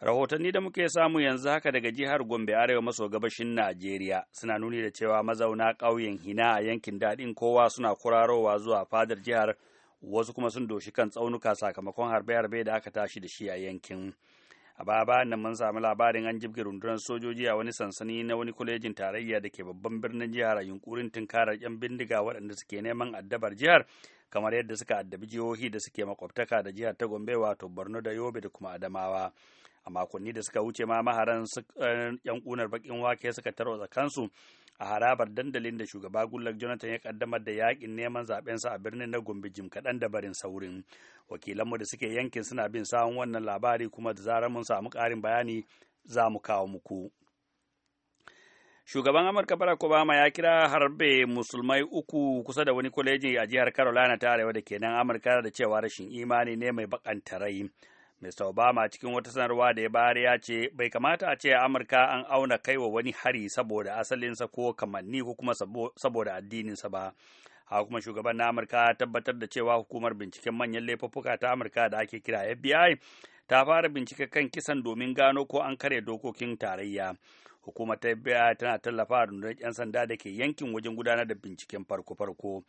rahotanni da muke samu yanzu haka daga jihar gombe arewa maso gabashin najeriya suna nuni da cewa mazauna ƙauyen hina a yankin daɗin kowa suna kurarowa zuwa fadar jihar wasu kuma sun doshi kan tsaunuka sakamakon harbe-harbe da aka tashi da shi a yankin a baya bayan nan mun sami labarin an jibge rundunar sojoji a wani sansani na wani kwalejin tarayya da ke babban birnin jihar a yunkurin tunkarar yan bindiga waɗanda suke neman addabar jihar kamar yadda suka addabi jihohi da suke makwabtaka da jihar ta gombe wato borno da yobe da kuma adamawa a makonni da suka wuce ma maharan eh, yan kunar bakin wake suka tarwatsa kansu a harabar dandalin da shugaba gullak jonathan ya kaddamar da yakin neman sa a birnin na gombe jim kaɗan da barin saurin wakilanmu da suke yankin suna bin sawun wannan labari kuma da zarar mun samu karin bayani za mu kawo muku shugaban amurka barack obama ya kira harbe musulmai uku kusa da wani kwaleji a jihar carolina ta arewa da kenan amurka da cewa rashin imani ne mai bakanta rai Mr. Obama cikin wata sanarwa da ya bayar ya ce bai kamata a ce Amurka an auna kaiwa wani hari saboda asalinsa ko kamanni ko kuma saboda addininsa ba. Haka kuma shugaban na Amurka tabbatar da cewa hukumar binciken manyan laifuffuka ta Amurka da ake kira FBI ta fara bincike kan kisan domin gano ko an kare dokokin tarayya. hukumar ta biya tana tallafa rundunar 'yan sanda da ke yankin wajen gudanar da binciken farko-farko.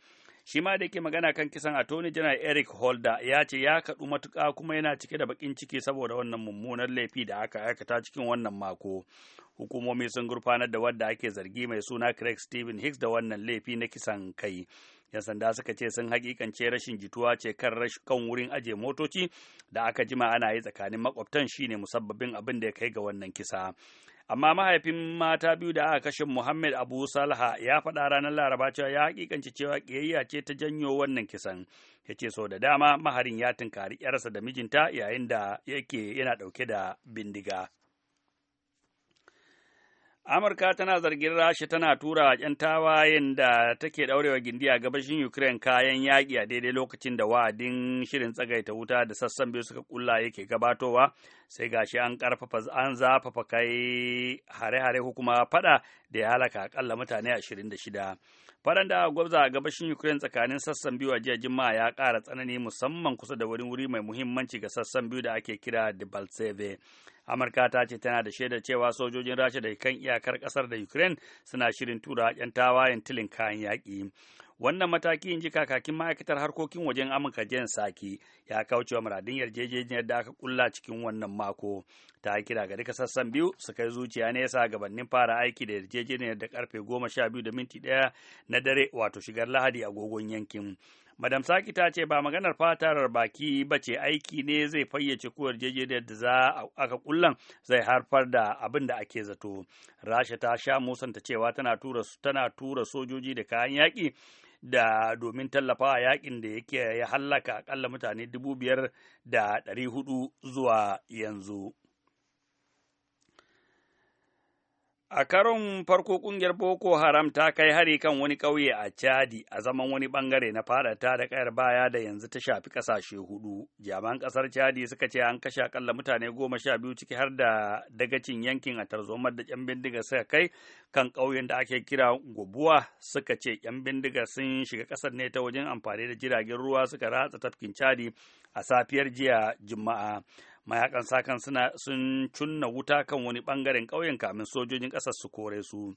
Shi ma da ke magana kan kisan Attorney General Eric Holder ya ce ya kaɗu matuƙa kuma yana cike da bakin ciki saboda wannan mummunar laifi da aka aikata cikin wannan mako. Hukumomi sun gurfanar da wadda ake zargi mai suna Craig Stephen Hicks da wannan laifi na kisan kai. 'yan sanda suka ce sun hakikance rashin jituwa ce kan kan wurin aje motoci da aka jima ana yi tsakanin makwabtan shine musabbabin abin da ya kai ga wannan kisa amma mahaifin mata biyu da aka kashe Muhammad Abu Salha ya faɗa ranar Laraba cewa ya hakikance cewa ƙiyayya ce ta janyo wannan kisan. Ya ce sau da dama maharin ya tunkari 'yarsa da mijinta yayin da yake yana ɗauke da bindiga. Amurka tana zargin Rasha tana tura ‘yan tawayen da take ɗaurewa gindi a gabashin Ukraine kayan yaƙi a daidai lokacin da wa'adin shirin tsagaita wuta da sassan biyu suka kulla yake gabatowa, sai gashi an ƙarfafa an zafafa kai hare-hare ko kuma faɗa da ya halaka akalla mutane ashirin da shida. Faɗan da gwabza a gabashin Ukraine tsakanin sassan biyu a jiya Juma'a ya kara tsanani musamman kusa da wurin wuri mai muhimmanci ga sassan biyu da ake kira balseve. Amurka ta ce tana da shaidar cewa sojojin Rasha da kan iyakar ƙasar da Ukraine suna shirin tura 'yan tawayen tilin kayan yaƙi. wannan mataki in ji kakakin ma'aikatar harkokin wajen amurka jen saki ya kauce wa muradin yarjejeniyar da aka kulla cikin wannan mako ta kira ga duka sassan biyu su kai zuciya ne yasa gabanin fara aiki da yarjejeniyar da karfe goma sha biyu da minti ɗaya na dare wato shigar lahadi agogon yankin madam saki ta ce ba maganar fatarar baki ba ce aiki ne zai fayyace ko yarjejeniyar da za aka kullan zai haifar da abin da ake zato rasha ta sha musanta cewa tana tura sojoji da kayan yaki. da domin tallafawa yakin da yake ya hallaka akalla mutane dubu biyar da ɗari hudu zuwa yanzu. A karon farko kungiyar Boko Haram ta kai hari kan wani ƙauye a Chadi a zaman wani bangare na fadata da ƙayar baya da yanzu ta shafi ƙasashe hudu. Jaman ƙasar Chadi suka ce an kashe akalla mutane goma sha biyu ciki har da dagacin yankin a tarzomar da ƴan bindiga suka kai kan ƙauyen da ake kira Gobuwa suka ce ƴan bindiga sun shiga ƙasar ne ta wajen amfani da jiragen ruwa suka ratsa tafkin Chadi a safiyar jiya Juma'a. mayakan sakan suna sun cunna wuta kan wani bangaren ƙauyen kamin sojojin ƙasar su kore su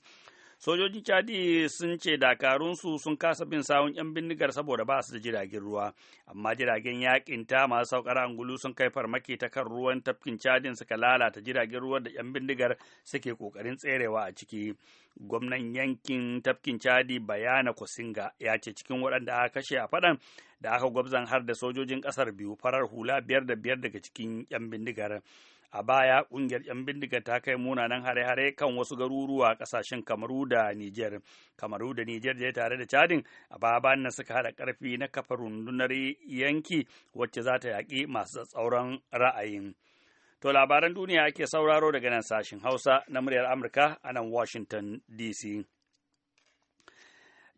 sojojin chadi sun ce dakarunsu sun kasa bin sawun yan bindigar saboda ba su da jiragen ruwa amma jiragen yakin ta masu saukar angulu sun kai farmaki ta kan ruwan tafkin chadin suka lalata jiragen ruwan da yan bindigar suke kokarin tserewa a ciki gwamnan yankin tafkin chadi bayana Kusinga ya ce cikin waɗanda aka kashe a faɗan da aka gwabzan har da sojojin ƙasar biyu farar hula biyar da biyar daga cikin yan bindigar a baya ƙungiyar 'yan bindiga ta kai munanan hare-hare kan wasu garuruwa a ƙasashen kamaru da niger kamaru da niger da tare da chadin a baya nan suka haɗa ƙarfi na kafa rundunar yanki wacce za ta yaƙi masu tsauran ra'ayin to labaran duniya ake sauraro daga nan sashen hausa na muryar amurka a nan washington dc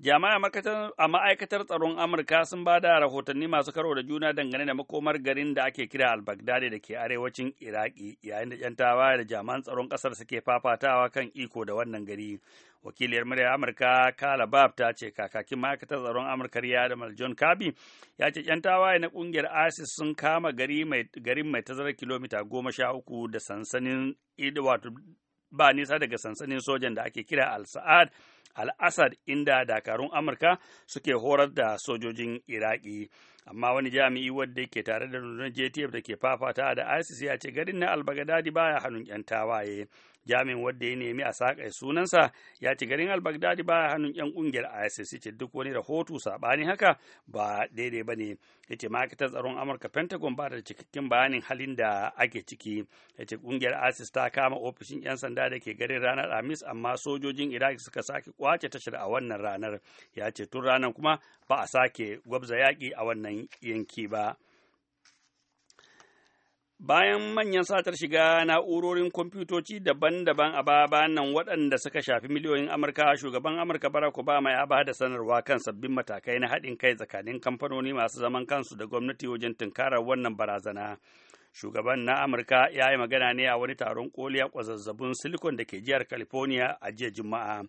Jami'a a ma'aikatar tsaron Amurka sun ba da rahotanni masu karo da juna dangane da makomar garin da ake kira al-Baghdadi da ke arewacin Iraki yayin da 'yan tawaye da jami'an tsaron ƙasar suke fafatawa kan iko da wannan gari. Wakiliyar murya Amurka Kala Bab ta ce kakakin ma'aikatar tsaron Amurka Riya da John Kabi ya ce 'yan tawaye na ƙungiyar ISIS sun kama gari mai garin mai tazarar kilomita goma sha uku da sansanin wato ba nisa daga sansanin sojan da ake kira Al-Sa'ad. al-assad inda dakarun amurka suke horar da sojojin iraki amma wani jami'i wadda ke tare da rundunar JTF da ke fafata da ISIS ya ce garin na al-Baghdadi baya hannun 'yan tawaye jami'in wadda ya nemi a sakai sunansa ya ce garin al-Baghdadi baya hannun 'yan ƙungiyar ISIS ya ce duk wani rahoto sabani haka ba daidai ba ne ya ce ma'aikatar tsaron Amurka Pentagon ba da cikakken bayanin halin da ake ciki ya ce kungiyar ISIS ta kama ofishin 'yan sanda da ke garin ranar Amis amma sojojin Iraq suka sake kwace tashar a wannan ranar ya ce tun ranar kuma ba a sake gwabza yaƙi a wannan wannan yanki ba. bayan manyan satar shiga na'urorin kwamfutoci daban-daban a babanan nan waɗanda suka shafi miliyoyin amurka shugaban amurka barack obama ya ba da sanarwa kan sabbin matakai na haɗin kai tsakanin kamfanoni masu zaman kansu da gwamnati wajen tunkarar wannan barazana shugaban na amurka ya yi magana ne a wani taron koliya a kwazazzabun silicon da ke jihar california a jiya juma'a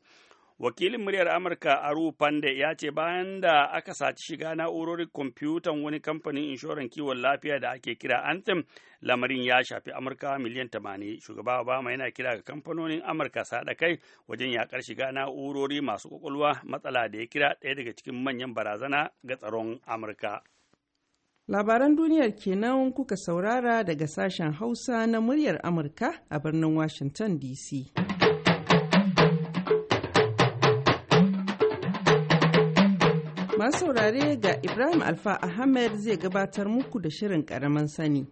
Wakilin muryar Amurka Aru Pande ya ce bayan da aka saci shiga na'urorin kwamfutan wani kamfanin inshoran kiwon lafiya da ake kira Anthem, lamarin ya shafi Amurka miliyan 80. Shugaba Obama yana kira ga kamfanonin Amurka sada kai wajen yakar shiga na'urori masu kwakwalwa matsala da ya kira ɗaya daga cikin manyan barazana ga tsaron Amurka. Labaran duniyar kenan kuka saurara daga sashen Hausa na muryar Amurka a birnin Washington DC. masu saurare ga Ibrahim Alfa Ahmed zai gabatar muku da shirin karaman sani.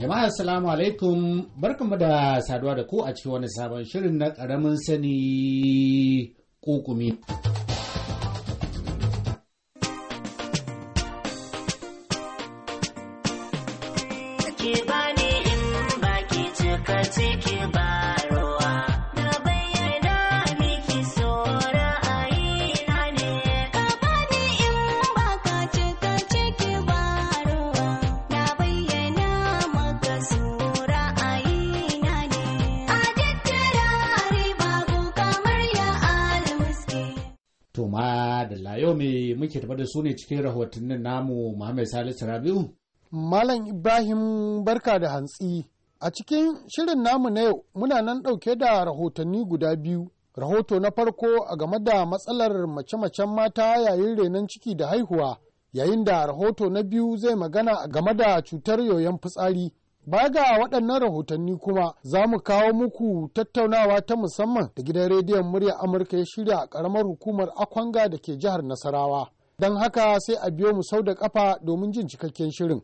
Jama'a assalamu alaikum barkanmu da saduwa da ku a cikin wani sabon shirin na karamin sani kukumi. tafi da su ne cikin rahotannin namu Muhammad Salisu Rabiu. Malam Ibrahim barka da hantsi. A cikin shirin namu na yau muna nan ɗauke da rahotanni guda biyu. Rahoto na farko a game da matsalar mace-macen mata yayin renon ciki da haihuwa, yayin da rahoto na biyu zai magana a game da cutar yoyon fitsari. Baya ga waɗannan rahotanni kuma za mu kawo muku tattaunawa ta musamman da gidan rediyon murya Amurka ya shirya a ƙaramar hukumar Akwanga da ke jihar Nasarawa. Don haka sai a biyo mu sau da kafa domin jin cikakken shirin.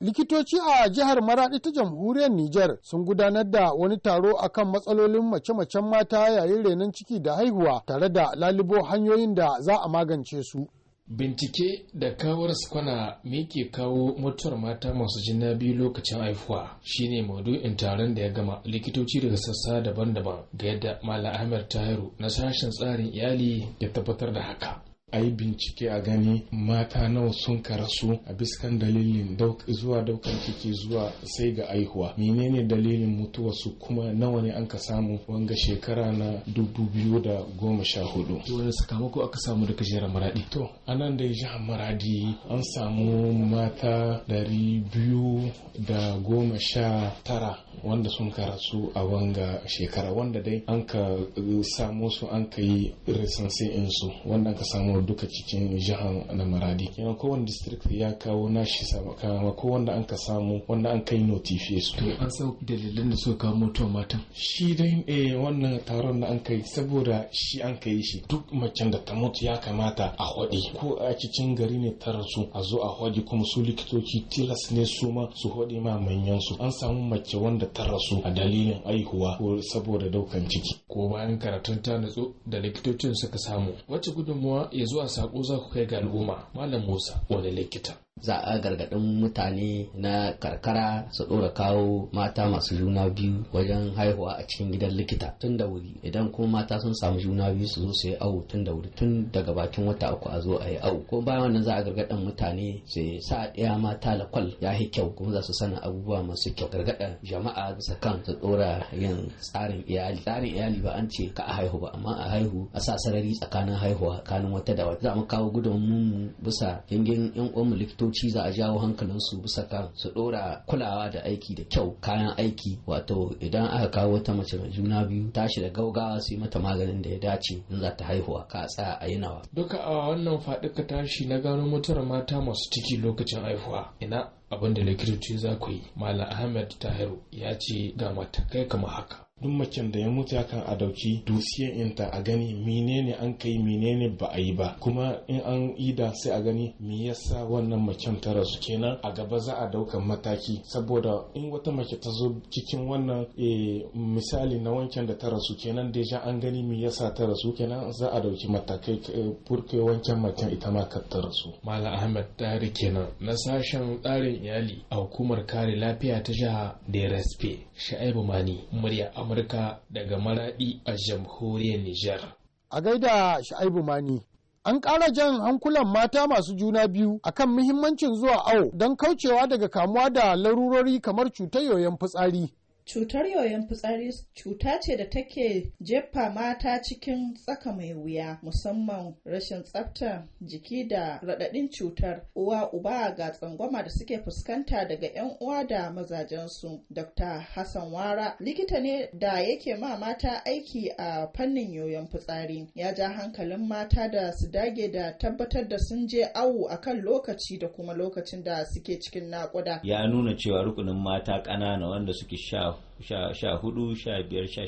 likitoci a jihar maraɗi ta jamhuriyar Nijar sun gudanar da wani taro a kan matsalolin mace-macen mata yayin renon ciki da haihuwa tare da lalibo hanyoyin da za a magance su. Bincike da kawar kwana me ke kawo mutuwar mata masu jina biyu lokacin haihuwa shine maudu'in taron da ya gama likitoci daga sassa daban-daban ga yadda Malam Ahmed Tahiru na sashen tsarin iyali ya tabbatar da haka. a yi bincike a gani mata nawa sun karasu a biskan dalilin zuwa daukan ciki zuwa sai ga aihuwa menene dalilin mutuwarsu kuma nawa ne an ka samu wanga shekara na dubu biyu da goma sha hudu wani sakamako aka samu daga jihar maradi to anan da jihar maradi an samu mata dari biyu da goma sha tara wanda sun karasu a wanga shekara wanda dai an ka eh, samu su an ka yi risansi insu wanda an ka samu kano duka cikin jihar na maradi yana kowane district ya kawo nashi kama ko wanda an ka samu wanda an kai notifiye su to an sau dalilan da suka kawo mutuwar matan shi dai eh wannan taron da an kai saboda shi an kai shi duk macen da ta mutu ya kamata a hodi ko a cikin gari ne ta rasu a zo a hodi kuma su likitoci tilas ne su ma su hodi ma manyan su an samu mace wanda ta rasu a dalilin aihuwa ko saboda daukan ciki ko bayan karatun ta natsu da likitocin suka samu wacce gudunmuwa ya zuwa sako za ku kai ga al'umma malam musa wani likita za a gargaɗin mutane na karkara su ɗora kawo mata masu juna biyu wajen haihuwa a cikin gidan likita tun da wuri idan kuma mata sun samu juna biyu su zo su yi awo tun da wuri tun daga bakin wata uku a zo a yi awo ko bayan wannan za a gargaɗin mutane su sa ɗaya mata lakwal ya yi kyau kuma za su sana abubuwa masu kyau gargaɗa jama'a bisa kan su ɗora yin tsarin iyali tsarin iyali ba an ce ka a haihu ba amma a haihu a sa sarari tsakanin haihuwa tsakanin wata da wata za mu kawo gudunmu bisa yangin yan uwanmu likito likitoci za a jawo su bisa kan su ɗora kulawa da aiki da kyau kayan aiki wato idan aka kawo wata mace mai juna biyu tashi da gaugawa su yi mata maganin da ya dace in za ta haihuwa ka tsaya a yi nawa. duka a wannan faɗi tashi na gano mutuwar mata masu ciki lokacin haihuwa ina abin da likitoci za ku yi malam ahmed tahiru ya ce ga matakai kama haka duk macen da ya mutu ya kan a dauki dusiyan inta a gani menene an kai menene ba a yi ba kuma in an ida sai a gani me yasa wannan macen ta rasu kenan a gaba za a daukan mataki saboda in wata mace ta zo cikin wannan eh, misali na wancan da ta rasu kenan deja an gani me yasa ta rasu kenan za a dauki matakai eh, furke wancan macen ita ma ka ta rasu Malam ahmed tari kenan na sashen tsarin iyali a hukumar kare lafiya ta jiha da rasfe sha'ibu mani murya Amurka daga Maraɗi a jamhuriyar Nijar. A gaida Sha'ibu Mani, an ƙara jan hankulan mata masu juna biyu akan muhimmancin zuwa awo don kaucewa daga kamuwa da larurori kamar cutar yoyon fitsari. Cutar yoyon fitsari cuta ce da take jefa mata cikin tsaka mai wuya musamman rashin tsafta, jiki da raɗaɗin cutar uwa uba ga tsangwama da suke fuskanta daga 'yan uwa da mazajensu. Dr. Hassan Wara likita ne da yake ma mata aiki a fannin yoyon fitsari ya ja hankalin mata da su dage da tabbatar da sun je awu a kan lokaci da kuma lokacin da suke cikin naƙuda. Ya nuna cewa rukunin mata ƙanana wanda suke sha sha hudu sha biyar sha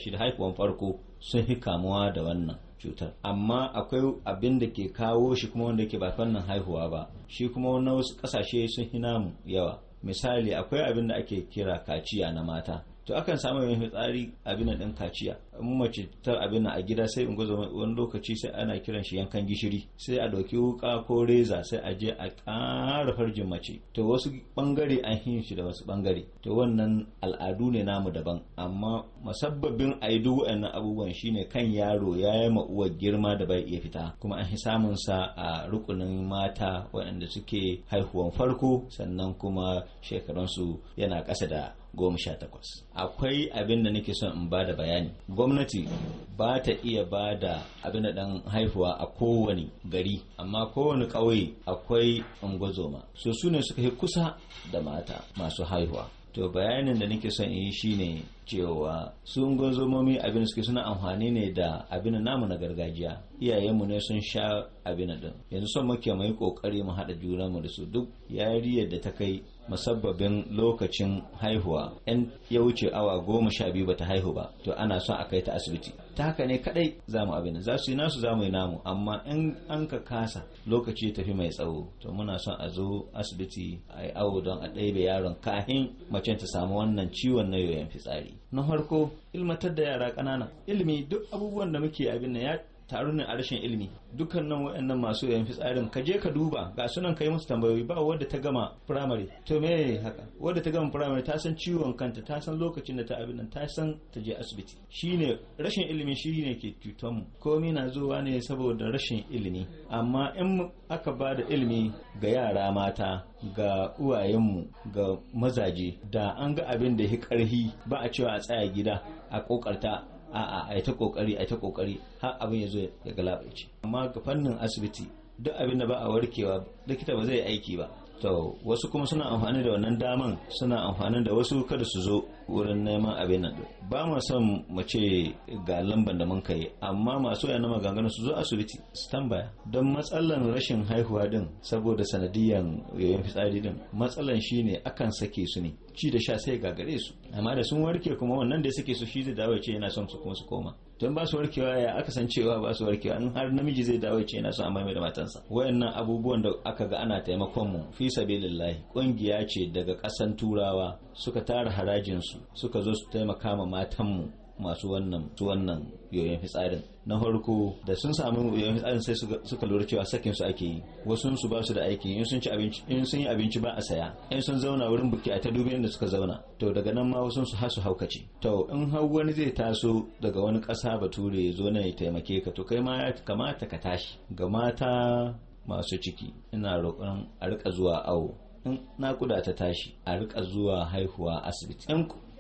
farko sun fi kamuwa da wannan cutar amma akwai abin da ke kawo shi kuma wanda ke ba fannin haihuwa ba shi kuma wani wasu kasashe sun fi namu yawa misali akwai abin da ake kira kaciya na mata to akan samu yin fitsari abin din kaciya in mace ta abin a gida sai in guza wani lokaci sai ana kiran shi yankan gishiri sai a dauki wuka ko reza sai a je a ƙara farjin mace to wasu bangare an yin shi da wasu bangare to wannan al'adu ne namu daban amma musabbabin a yi duk wa'annan abubuwan shine kan yaro ya yi uwar girma da bai iya fita kuma an samun sa a rukunin mata waɗanda suke haihuwan farko sannan kuma shekarunsu yana ƙasa da goma sha takwas akwai abin da nake son in ba da bayani gwamnati ba ta iya ba da abin da ɗan haihuwa a kowane gari amma kowane ƙauye akwai ungozoma so su ne suka yi kusa da mata masu haihuwa to bayanin da nake son yi shine cewa sun gwanzomomi abin suke suna amfani ne da abin namu na gargajiya iyayenmu ne sun sha abin din yanzu son muke mai kokari mu haɗa mu da su duk yariyar da ta kai musabbabin lokacin haihuwa yan ya wuce awa goma sha biyu bata haihu ba to ana son a kai ta asibiti ta haka ne kadai za mu abin za su yi nasu za mu yi namu amma in an ka kasa lokaci ya tafi mai tsawo to muna son a zo asibiti a yi awo don a ɗaibe yaron kahin macen ta samu wannan ciwon na yoyon fitsari na farko ilmatar da yara ƙanana ilimi duk abubuwan da muke abin ya tarunan a rashin ilimi dukkanin waɗannan masu yayin fitsarin ka je ka duba ga sunan kai musu tambayoyi ba wadda ta gama firamare to me haka wadda ta gama firamare ta san ciwon kanta ta san lokacin da ta abin nan ta san ta je asibiti shine rashin ilimi shine ke cutar mu komai na zuwa ne saboda rashin ilimi amma in aka ba da ilimi ga yara mata ga uwayenmu ga mazaje da an ga abin da ya karhi ba a cewa a tsaya gida a kokarta a'a ai ta kokari ai ta kokari har abin ya zo ya galabaice amma ga fannin asibiti duk abin da ba a warkewa likita ba zai aiki ba to wasu kuma suna amfani da wannan daman suna amfani da wasu kada su zo wurin neman abin nan ba ma son mu ce ga lamban da mun kai amma masu yana maganganu su zo asibiti su tambaya don matsalan rashin haihuwa din saboda sanadiyan yoyon fitsari din matsalan shine akan sake su ne ci da sha sai gagare su amma da sun warke kuma wannan da suke su shi zai dawo ce yana son su kuma su koma don ba su warkewa ya aka san cewa ba su warkewa in har namiji zai dawo ce yana son a mai da matansa wayannan abubuwan da aka ga ana taimakon mu fi sabilillahi kungiya ce daga kasan turawa suka tara harajin su suka zo su taimaka ma matan mu masu wannan su wannan yoyon fitsarin na farko da sun samu yoyon fitsarin sai suka lura cewa sakin su ake yi wasu su ba su da aiki in sun ci abinci in sun yi abinci ba a saya in sun zauna wurin buki a ta dubiyan da suka zauna to daga nan ma wasu su hasu haukace to in har wani zai taso daga wani ƙasa bature ya zo na ya taimake ka to kai ma ya kamata ka tashi ga mata masu ciki ina roƙon a rika zuwa awo in naƙuda ta tashi a rika zuwa haihuwa asibiti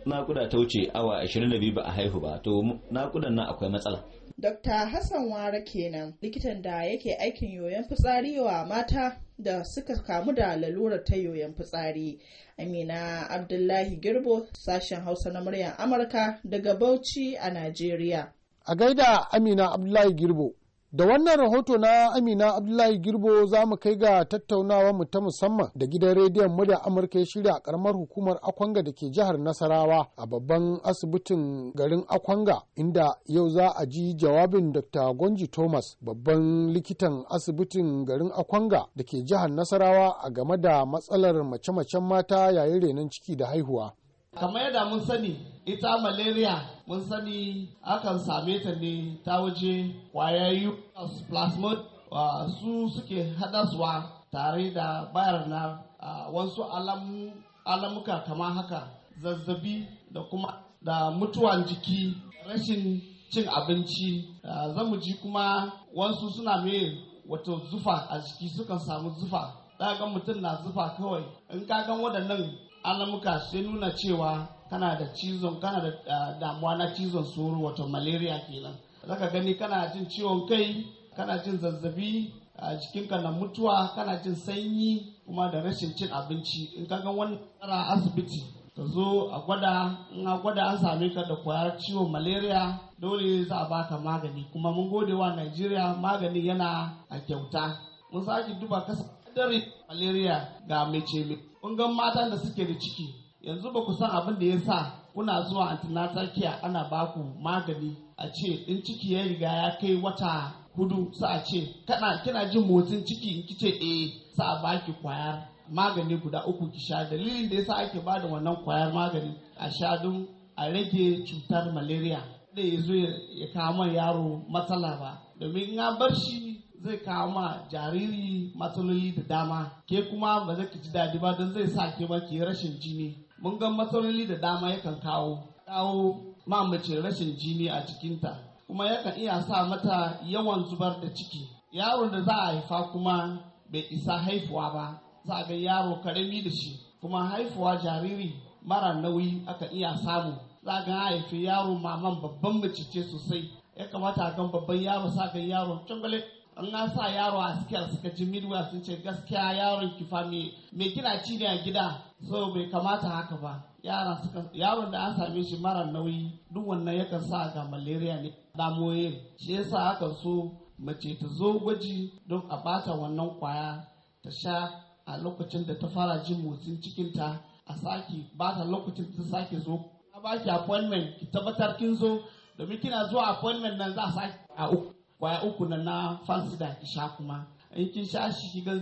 nakuda ta wuce awa 22 ba a haihu ba to nakudan nan akwai matsala Dr. Hassan Wara kenan likitan da yake aikin yoyon fitsari wa mata da suka kamu da lalurar ta yoyon fitsari. Amina Abdullahi Girbo sashen Hausa na muryar Amurka daga Bauchi a Najeriya. A gaida Amina Abdullahi Girbo. Da wannan rahoto na Amina Abdullahi Girbo za mu kai ga tattaunawa mu ta musamman da gidan rediyon murya Amurka ya shirya a karamar hukumar Akwanga da ke jihar Nasarawa a babban asibitin garin Akwanga inda yau za a ji jawabin Dr. Gonji Thomas babban likitan asibitin garin Akwanga da ke jihar Nasarawa a game da matsalar mace-macen mata yayin renon ciki da haihuwa. kamar yadda mun sani ita malaria mun sani akan same ta ne ta waje kwayayyu plasmod su suke hadaswa tare da bayar na wasu alamuka kama haka zazzabi da kuma da mutuwan jiki rashin cin abinci zamu ji kuma wasu suna mai wato zufa a jiki sukan samu zufa ga mutum na zufa kawai in ka gan waɗannan alamuka sai nuna cewa kana da cizon kana da ah, damuwa na cizon soro wato malaria kenan zaka gani kana jin ciwon kai kana jin zazzabi a jikinka na mutuwa kana jin sanyi kuma da rashin cin abinci in ka ga wani tsara asibiti ka zo a gwada in a gwada an same ka da kwayar ciwon malaria dole za a baka magani kuma mun gode wa najeriya magani yana a kyauta mun sake duba kasa dysentery malaria ga mai ceme kun matan da suke da ciki yanzu ba ku san abin da ya sa kuna zuwa antenatal care ana baku magani a ce ɗin ciki ya riga ya kai wata hudu sa a ce kana kina jin motsin ciki in kice e sa a baki kwayar magani guda uku ki sha dalilin da yasa ake ba da wannan kwayar magani a sha don a rage cutar malaria da ya zo ya kama yaro matsala ba domin ya bar shi zai kawo ma jariri matsaloli da dama ke kuma ba zai ji daɗi ba don zai sa ke ba ke rashin jini mun ga matsaloli da dama yakan kawo kawo ma mace rashin jini a cikinta kuma yakan iya sa mata yawan zubar da ciki yaron da za a haifa kuma bai isa haifuwa ba za a ga yaro karami da shi kuma haifuwa jariri mara nauyi aka iya samu za ga haifi yaro maman babban mace ce sosai ya kamata a kan babban yaro sa ga yaro cangale an an sa yaro a scale suka ji midwife sun ce gaskiya yaron ki fa me me kina ci ne a gida so bai kamata haka ba yara suka yaron da an same shi mara nauyi duk wannan yakan sa ga malaria ne damoyin shi yasa aka so mace ta zo gwaji don a bata wannan kwaya ta sha a lokacin da ta fara jin motsin cikinta a sake bata lokacin da ta sake zo a baki appointment ki tabbatar kin zo domin kina zuwa appointment nan za a saki a uku kwaya uku na na fansida ki sha kuma in kin sha shi shiga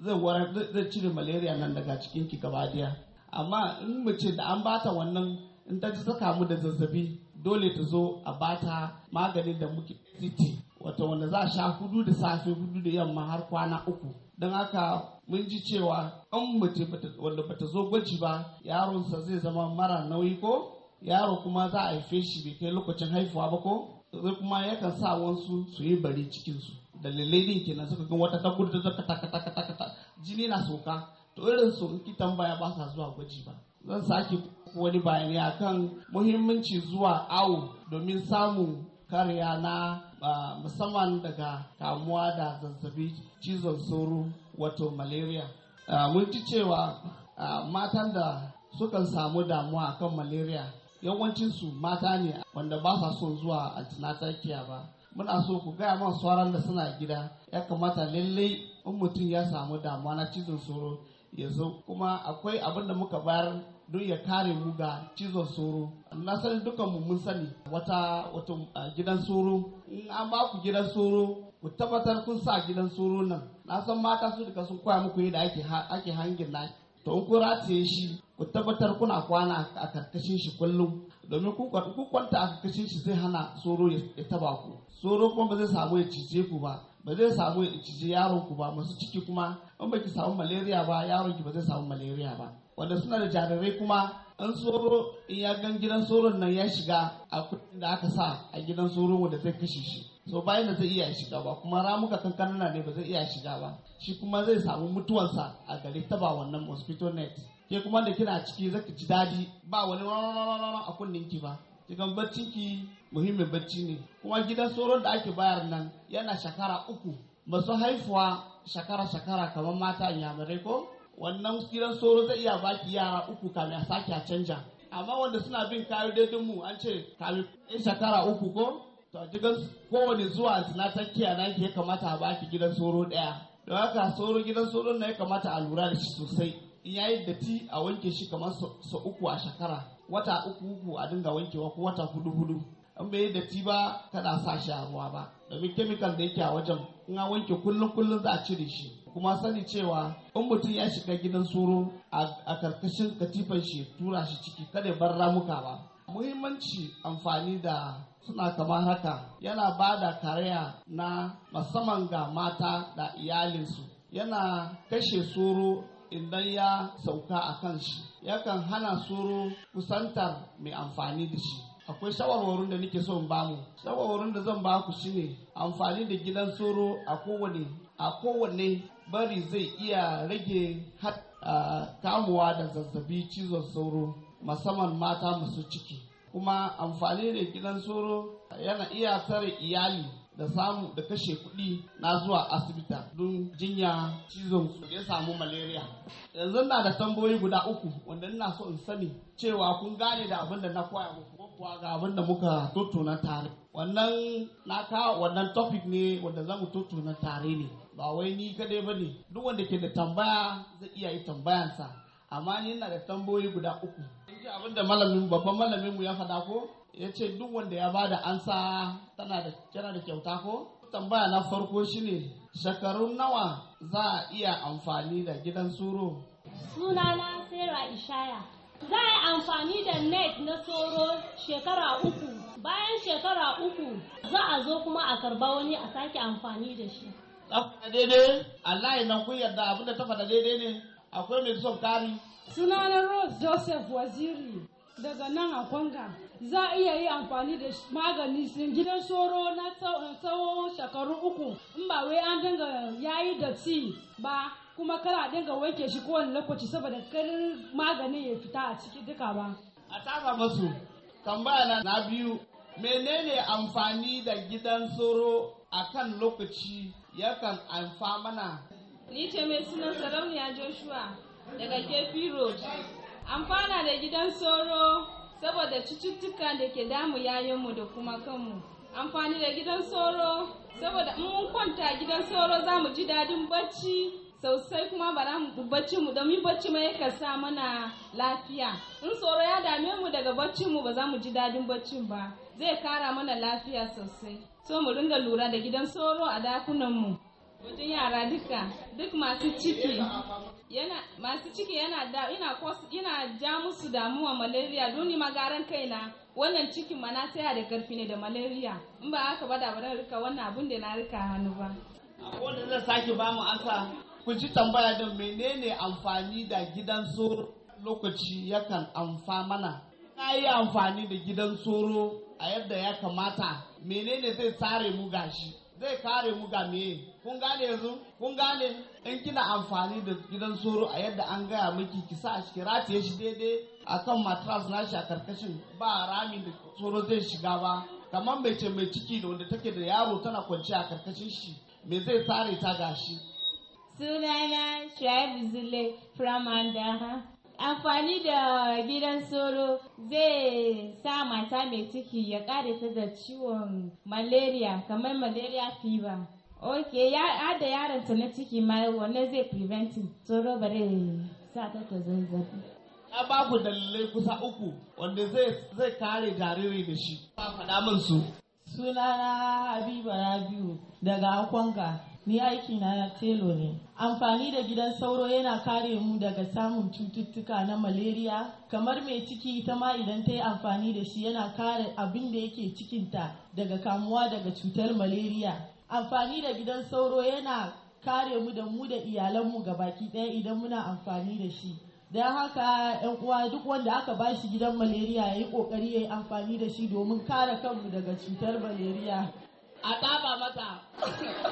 zai cire malaria nan daga cikin ki gaba daya amma in mace da an bata wannan in ta ji ta kamu da zazzabi dole ta zo a bata maganin da muke city wato wanda za sha hudu da safe hudu da yamma har kwana uku don haka mun ji cewa an mace wanda bata zo gwaji ba yaronsa zai zama mara nauyi ko yaro kuma za a haife shi bai kai lokacin haifuwa ba ko sai kuma yakan sa wansu su yi bari cikinsu dalilai ne kenan suka gan wata takur da zaka taka taka taka ta jini na soka to irin su kitan baya ba sa zuwa gwaji ba zan sake wani bayani akan muhimmanci zuwa awo domin samun kariya na musamman daga kamuwa da zazzabi cizon sauro wato malaria ah, mun ci cewa ah, matan da sukan samu damuwa akan malaria yawancinsu mata ne wanda ba sa son zuwa a care ba muna so ku gaya man sauran da suna gida ya kamata lallai in mutum ya samu damuwa na cizon sauro ya zo kuma akwai abin da muka bayar don ya kare mu ga cizon sauro na sani dukan mu mun sani wata gidan sauro in an ba ku gidan sauro ku tabbatar kun sa gidan sauro nan na san mata su duka sun koya muku yadda ake hangin na to in ku rataye shi ku tabbatar kuna kwana a karkashin shi kullum domin ku kwanta a karkashin shi zai hana tsoro ya taba ku tsoro kuma ba zai samu ya cije ku ba ba zai samu ya cije yaron ku ba masu ciki kuma in baki samu malaria ba yaron ki ba zai samu malaria ba wanda suna da jarirai kuma in tsoro in ya gan gidan tsoron nan ya shiga a kudin da aka sa a gidan tsoro wanda zai kashe shi so bayan da zai iya shiga ba kuma ramuka kankanana ne ba zai iya shiga ba shi kuma zai samu mutuwansa a gari ta ba wannan mosquito net ke kuma da kina ciki zaki ji dadi ba wani a kunnen ki ba cikin baccin ki muhimmin barci ne kuma gidan sauran da ake bayar nan yana shakara uku masu haifuwa shakara-shakara shakara kamar mata inyamurai ko wannan gidan tsoro zai iya baki yara uku kamin a sake a canja amma wanda suna bin kayo daidin mu an ce kamin shakara uku ko to gidan kowane zuwa na tsakiya na ke kamata a baki gidan soro daya don haka soro gidan soro na ya kamata a lura da shi sosai in ya yi datti a wanke shi kamar sa uku a shekara wata uku uku a dinga wankewa ko wata hudu hudu in bai yi datti ba kada sa shi a ruwa ba domin kemikal da yake a wajen in wanke kullum kullum za a cire shi kuma sani cewa in mutum ya shiga gidan soro a karkashin katifan shi tura shi ciki kada ya bar ramuka ba muhimmanci amfani da suna kamar haka yana ba da kariya na musamman ga mata da iyalinsu yana kashe suru idan ya sauka a kan shi yakan hana suru kusantar mai amfani da shi akwai shawarwarin da nake son bamu shawarwarin da zan baku shine amfani da gidan soro a kowane a kowane bari zai iya rage ah, kamuwa da zazzabi cizon sauro musamman mata masu ciki kuma amfani da gidan soro yana iya tsare iyali da samu da kashe kuɗi na zuwa asibita don jinya cizon su ya samu malaria yanzu na da tambayoyi guda uku wanda ina so in sani cewa kun gane da abin da na koya muku ko kuwa ga abin da muka tattauna tare wannan na kawo wannan topic ne wanda za mu tattauna tare ne ba wai ni kadai ba ne duk wanda ke da tambaya zai iya yi tambayansa amma ni ina da tamboyi guda uku in ji da malamin babban malamin mu ya faɗa ko ya ce duk wanda ya bada ansa tana da tana da kyauta ko tambaya na farko shine shekarun nawa za a iya amfani da gidan suro na Sarah Ishaya za a yi amfani da net na soro shekara uku bayan shekara uku za a zo kuma a karba wani a sake amfani da shi daidai Allah ya nan kun yarda abinda ta faɗa daidai ne akwai mai son kari sunana rose joseph waziri daga nan a kwanga za a iya yi amfani da magani gidan soro na tsawon shekaru uku in ba wai an dinga yayi da ci ba kuma kana dinga wanke shi kowane lokaci saboda karin maganin ya fita a ciki duka ba a tara masu tambaya na biyu menene amfani da gidan soro a kan lokaci yakan amfa mana ni ce mai sunan sarauniya joshua daga kefi road amfana da gidan soro saboda cututtuka da ke damu yayinmu da kuma kanmu amfani da gidan soro saboda mun kwanta gidan soro za mu ji dadin bacci sosai kuma ba za mu bacci mu domin bacci mai yakan sa mana lafiya in tsoro ya dame mu daga baccin mu ba za mu ji dadin bacci ba zai kara mana lafiya sosai so mu ringa lura da gidan soro a dakunan mu wajen yara duka duk masu ciki yana masu ciki yana da ina ina ja musu damuwa malaria duni magaran kaina wannan cikin ma na tsaya da karfi ne da malaria in ba haka ba da ba rika wannan abun da na rika hannu ba wanda zai sake ba mu ansa ku ji tambaya din menene amfani da gidan soro lokaci yakan amfa mana na yi amfani da gidan soro a yadda ya kamata menene zai tsare mu gashi zai kare mu ga meye kun gane yanzu kun gane in kina amfani da gidan soro a yadda an gaya miki ki sa shi rataye shi daidai a kan matras nashi a karkashin ba rami da soro zai shiga ba kamar mai ce mai ciki da wanda take da yaro tana kwance a karkashin shi me zai tsare ta gashi sunana shuaibu zule from ha. amfani da gidan soro zai sa mata mai ciki ya kare ta da ciwon malaria kamar malaria fever ok ya da yaron ta na ciki ma wanne zai preventing tsoro bare sa ta ta zanzabi a babu dalilai kusa uku wanda zai zai kare jariri da shi ba faɗa min su sunana habiba rabiu daga akwanga ni aiki na telo ne amfani da gidan sauro yana kare mu daga samun cututtuka na malaria kamar mai ciki ita ma idan ta yi amfani da shi yana kare abin da yake cikinta daga kamuwa daga cutar malaria amfani da gidan sauro yana kare mu da mu da iyalanmu ga baki ɗaya idan muna amfani da shi don haka yan uwa duk wanda aka ba shi gidan malaria ya yi ƙoƙari ya yi amfani da shi domin kare kanmu daga cutar malaria a ɗaba mata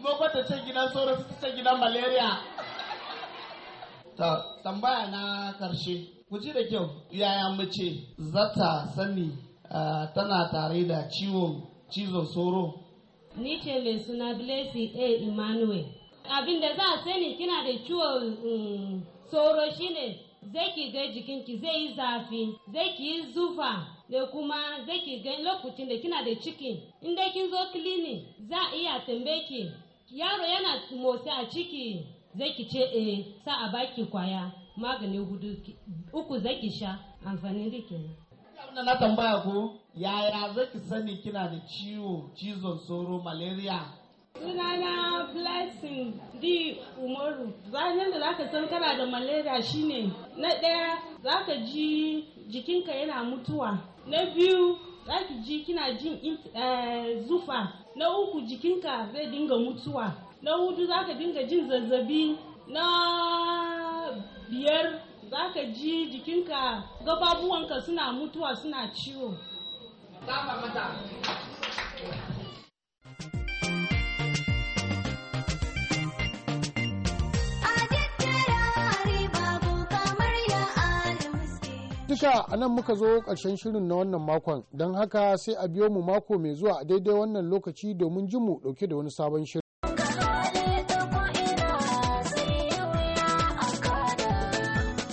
mu ta ce gidan sauro su ce gidan malaria ta tambaya na karshe ku ji da kyau yaya mace zata sani ah, tana tare da ciwon cizon soro ni ce mai suna blessing a emmanuel abin da za a sani kina da ciwon mm, soro shine zai ki ga jikinki zai yi zafi zai ki yi zufa da kuma zai ki ga lokacin da kina da ciki in kin zo clinic za a iya tambaye ki yaro yana motsi a ciki zai ki ce eh sa a baki kwaya magani hudu uku zai ki sha amfani da kenan wannan na tambaya ko yaya zaki sani kina da ciwo cizon sauro malaria sunana blessing di umaru bayan da zaka san kana da malaria shine na ɗaya zaka ji jikinka yana mutuwa na biyu zaki ji kina jin eh, zufa na uku jikinka zai dinga mutuwa na hudu zaka dinga jin zazzabi na biyar za ka ji jikinka gababuwanka suna mutuwa suna ciwo Tisha a nan muka zo ƙarshen shirin na wannan makon don haka sai a biyo mu mako mai zuwa a daidai wannan lokaci domin jin mu ɗauke da wani sabon shirin.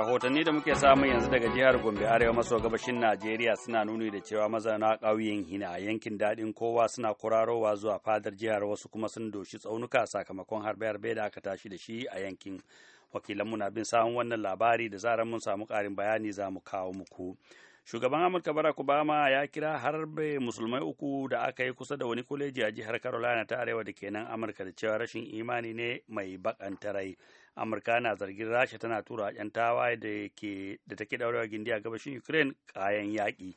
rahotanni da muke samu yanzu daga jihar gombe arewa maso gabashin najeriya suna nuni da cewa mazauna ƙauyen hina a yankin daɗin kowa suna kurarowa zuwa fadar jihar wasu kuma sun doshi tsaunuka sakamakon harbe-harbe da aka tashi da shi a yankin wakilanmu na bin samun wannan labari da zarar mun samu ƙarin bayani za mu kawo muku shugaban amurka barack obama ya kira harbe musulmai uku da aka yi kusa da wani kwaleji a jihar carolina ta arewa da kenan amurka da cewa rashin imani ne mai bakanta rai amurka na zargin rasha tana tura yan tawaye da take daurewa gindi a gabashin ukraine kayan yaƙi.